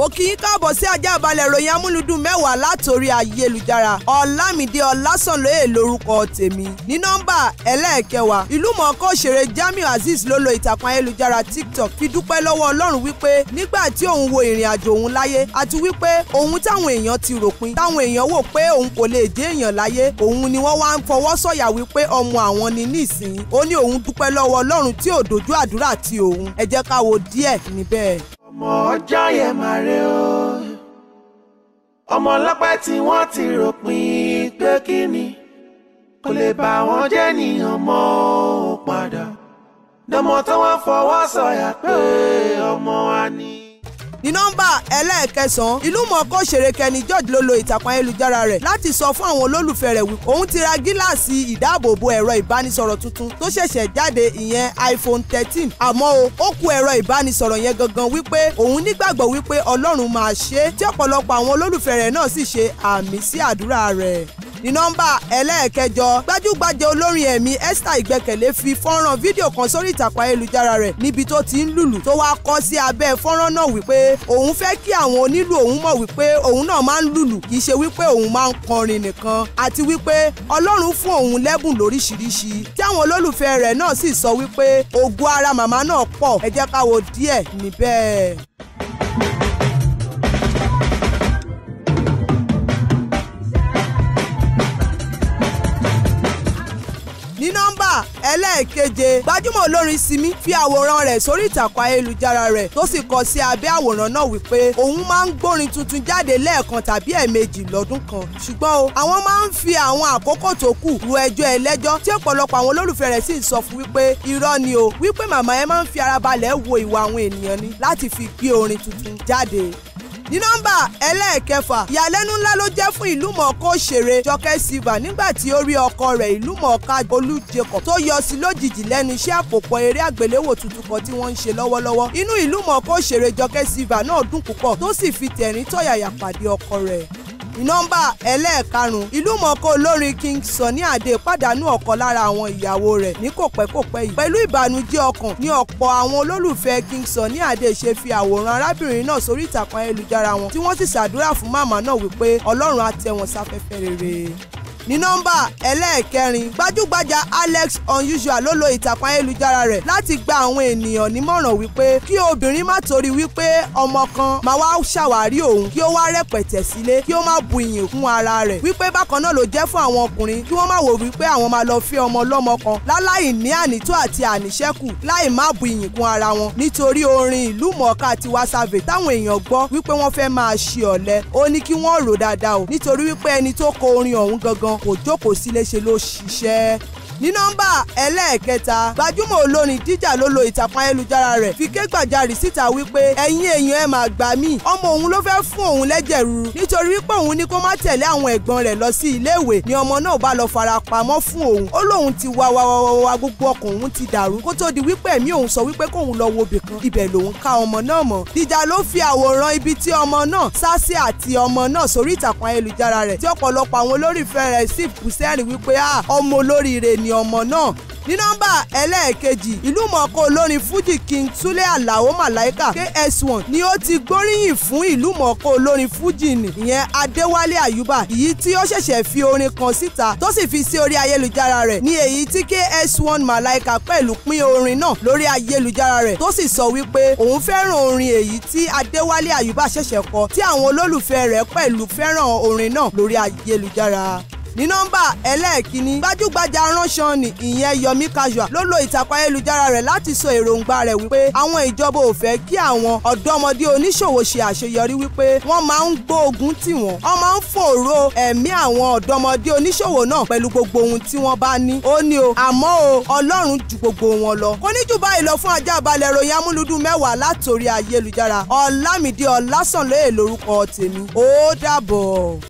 mo kì í káàbọ̀ sí ajá balẹ̀ ìròyìn amúlùdùn mẹ́wàá látòrí ayélujára ọ̀làmídé ọ̀làsànlóye lórúkọ tèmi ní nọ́mbà ẹlẹ́ẹ̀kẹwàá ìlú mọ̀ọ́ká òṣèré Jamiu Azeez ló lo ìtàkùn ayélujára TikTok fi dúpẹ́ lọ́wọ́ Ọlọ́run wípé nígbà tí òun wo ìrìn àjò òun láyé àti wípé òun táwọn èèyàn ti ròpin táwọn èèyàn wò pé òun kò lè dé èèyàn láyé òun ni wọ́n wá ń fọwọ́ sọ̀yà wípé ọmọ àwọn ni nísìnyí ó ní òun dúpẹ́ lọ́wọ́ Ọlọ́run tí ò dojú àdúrà ti òun ẹ jẹ́ ká wo díẹ̀ níbẹ̀ mọ ọjọ́ yẹn máa rẹ o ọmọ ọlọ́pẹ́ tí wọ́n ti ròpin pé kí ni kò lè bá wọn jẹ́ nìyàn mọ́ ò padà dánmọ́ tó wọ́n fọwọ́ sọ̀yà pé ọmọ wa ni ní nọ́mbà ẹlẹ́ẹ̀kẹsàn-án ìlú mọ̀ọ́ká òṣèré Kenny George ló lo ìtàkùn ayélujára rẹ̀ láti sọ fún àwọn olólùfẹ́ rẹ̀ wípé òun ti ra gíláàsì ìdáàbòbò ẹ̀rọ ìbánisọ̀rọ̀ tuntun tó ṣẹ̀ṣẹ̀ jáde ìyẹn iPhone 13 àmọ́ o ó ku ẹ̀rọ ìbánisọ̀rọ̀ yẹn gangan wípé òun nígbàgbọ́ wípé Ọlọ́run máa ṣe é tí ọ̀pọ̀lọpọ̀ àwọn olólùfẹ́ rẹ̀ náà sì ṣe àmì sí àdúrà rẹ̀ ní nọ́mbà ẹlẹ́ẹ̀kẹjọ gbajúgbajà olórin ẹ̀mí Esther Ìgbẹ́kẹ̀lé fi fọ́nrán fídíò kan sórí ìtàkùn ayélujára rẹ̀ níbi tó ti ń lùlù tó wáá kọ sí abẹ́ fọ́nrán náà wípé òun fẹ́ kí àwọn onílù òun mọ̀ wípé òun náà máa ń lùlù kì í ṣe wípé òun máa ń kọrin nìkan àti wípé Ọlọ́run fún òun lẹ́bùn lóríṣiríṣi tí àwọn olólùfẹ́ rẹ̀ náà sì sọ wípé ògo ara màmá náà pọ̀ ẹ ká wo díẹ̀ níbẹ̀. ẹlẹ́ẹ̀keje gbajúmọ̀ olórin Simi fi àwòrán rẹ̀ sórí ìtàkùn ayélujára rẹ̀ tó sì kọ sí abẹ́ àwòrán náà wípé òun máa ń gbórin tuntun jáde lẹ́ẹ̀kan tàbí ẹ̀ẹ̀mejì lọ́dún kan ṣùgbọ́n o àwọn máa ń fi àwọn àkókò tó kù ru ẹjọ́ ẹlẹ́jọ́ tí ọ̀pọ̀lọpọ̀ àwọn olólùfẹ́ rẹ̀ sì ń sọ fún wípé irọ́ ni o wípé màmá ẹ máa ń fi ara balẹ̀ wo ìwà àwọn ènìyàn ni láti fi gbé orin tuntun jáde ní nọ́mbà ẹlẹ́ẹ̀kẹfà ìyàlẹ́nu ńlá ló jẹ́ fún ìlúmọ̀ọ́ká òṣèré jọkẹ́ silva nígbà tí ó rí ọkọ rẹ̀ ìlúmọ̀ọ́ká olú jacob tó yọ sí lójijì lẹ́nu iṣẹ́ àpòpọ̀ eré àgbéléwò tuntun kan tí wọ́n ń ṣe lọ́wọ́lọ́wọ́ inú ìlúmọ̀ọ́ká òṣèré jọkẹ́ silva náà dùn púpọ̀ tó sì fi tẹ̀rín tọ̀yàyà pàdé ọkọ rẹ̀ nọ́mbà ẹlẹ́ẹ̀karùn-ún ìlúmọ̀ọ́ká olórin King Sunny Adé pàdánù ọ̀kan lára àwọn ìyàwó rẹ̀ ní kòpẹ́kòpẹ́ yìí pẹ̀lú ìbànújẹ́ ọkàn Ni ọ̀pọ̀ àwọn olólùfẹ́ King Sunny Adé ṣe fi àwòrán arábìnrin náà sórí ìtàkùn ayélujára wọn tí wọ́n sì ṣàdúrà fún màmá náà wípé Ọlọ́run á tẹ́ rere ní nọ́mbà ẹlẹ́ẹ̀kẹrin gbajúgbajà Alex Unusual ló lo ìtàkùn ayélujára rẹ̀ láti gba àwọn ènìyàn nímọ̀ràn wípé kí obìnrin má torí wípé ọmọ kan máa wá ṣàwárí òun kí ó wá rẹpẹ̀tẹ̀ sílé kí ó má bu ìyìn kún ara rẹ̀ wípé bákan náà ló jẹ́ fún àwọn ọkùnrin kí wọ́n má wò wípé àwọn máa lọ fi ọmọ lọ́mọ kan láláì ní ànító àti àníṣẹ́kù láì má bu ìyìn kún ara wọn nítorí orin ìlú mọ̀ọ́ká Tiwa Savage táwọn èèyàn gbọ́ wípé wọ́n fẹ́ máa ṣe ọ̀lẹ ó ní kí wọ́n rò dáadáa o nítorí wípé ẹni tó kọ orin ọ̀hún gangan gan kò jókòó sílé ṣe ló ṣiṣẹ́ ní nọ́mbà ẹlẹ́ẹ̀kẹta gbajúmọ̀ olórin díjà ló lo ìtàkùn ayélujára rẹ̀ fi ké gbàjarì síta wípé ẹ̀yin èèyàn ẹ máa gbà mí ọmọ òun ló fẹ́ fún òun lẹ́jẹ̀ ruru nítorí wípé òun ní kó má tẹ̀lé àwọn ẹ̀gbọ́n rẹ̀ lọ sí iléèwé ni ọmọ náà bá lọ fara pamọ́ fún òun ó lóun ti wá wá wá wá gbogbo ọkàn òun ti dàrú kó tó di wípé ẹ̀mí òun sọ wípé kóun lọ wo ibìkan ibẹ̀ lòun ká ọmọ náà mọ́ díjà ló fi àwòrán ibi tí ọmọ náà sá sí àti ọmọ náà sórí ìtàkùn ayélujára rẹ̀ tí ọ̀pọ̀lọpọ̀ àwọn olólùfẹ́ ah, ni ni ọmọ náà ní nọ́mbà ẹlẹ́ẹ̀kejì ìlú mọ̀ọ́kọ́ olórin fújì king túlé àlàó màláìkà ks1 ni ó ti gbóríyìn fún ìlú mọ̀ọ́kọ́ olórin fújì ni ìyẹn adéwálé àyùbá èyí tí ó ṣẹ̀ṣẹ̀ fi orin kan síta tó sì fi sí orí ayélujára rẹ̀ ní èyí tí ks1 màláìkà pẹ̀lú pín orin náà lórí ayélujára rẹ̀ tó sì sọ wípé òun fẹ́ràn orin èyí tí adéwálé àyùbá ṣẹ̀ṣẹ̀ kọ tí àwọn olólùfẹ́ rẹ̀ pẹ̀lú fẹ́ràn orin náà lórí ayélujára ní nọ́mbà ẹlẹ́ẹ̀kínní gbajúgbajà aránṣan ni ìyẹn Yomi Casual ló lo ìtàkùn ayélujára rẹ̀ láti sọ èròǹgbà rẹ̀ wípé àwọn ìjọba ò fẹ́ kí àwọn ọ̀dọ́mọdé oníṣòwò ṣe àṣeyọrí wípé wọ́n máa ń gbóògùn tì wọ́n wọ́n máa ń fòòró ẹ̀mí àwọn ọ̀dọ́mọdé oníṣòwò náà pẹ̀lú gbogbo ohun tí wọ́n bá ní ó ní o àmọ́ o Ọlọ́run ju gbogbo wọn lọ kò ní jù báyìí lọ fún ajá balẹ̀ ròyìn amúlùdùn mẹ́wàá látòrí ayélujára Ọlámídé Ọlásànlóye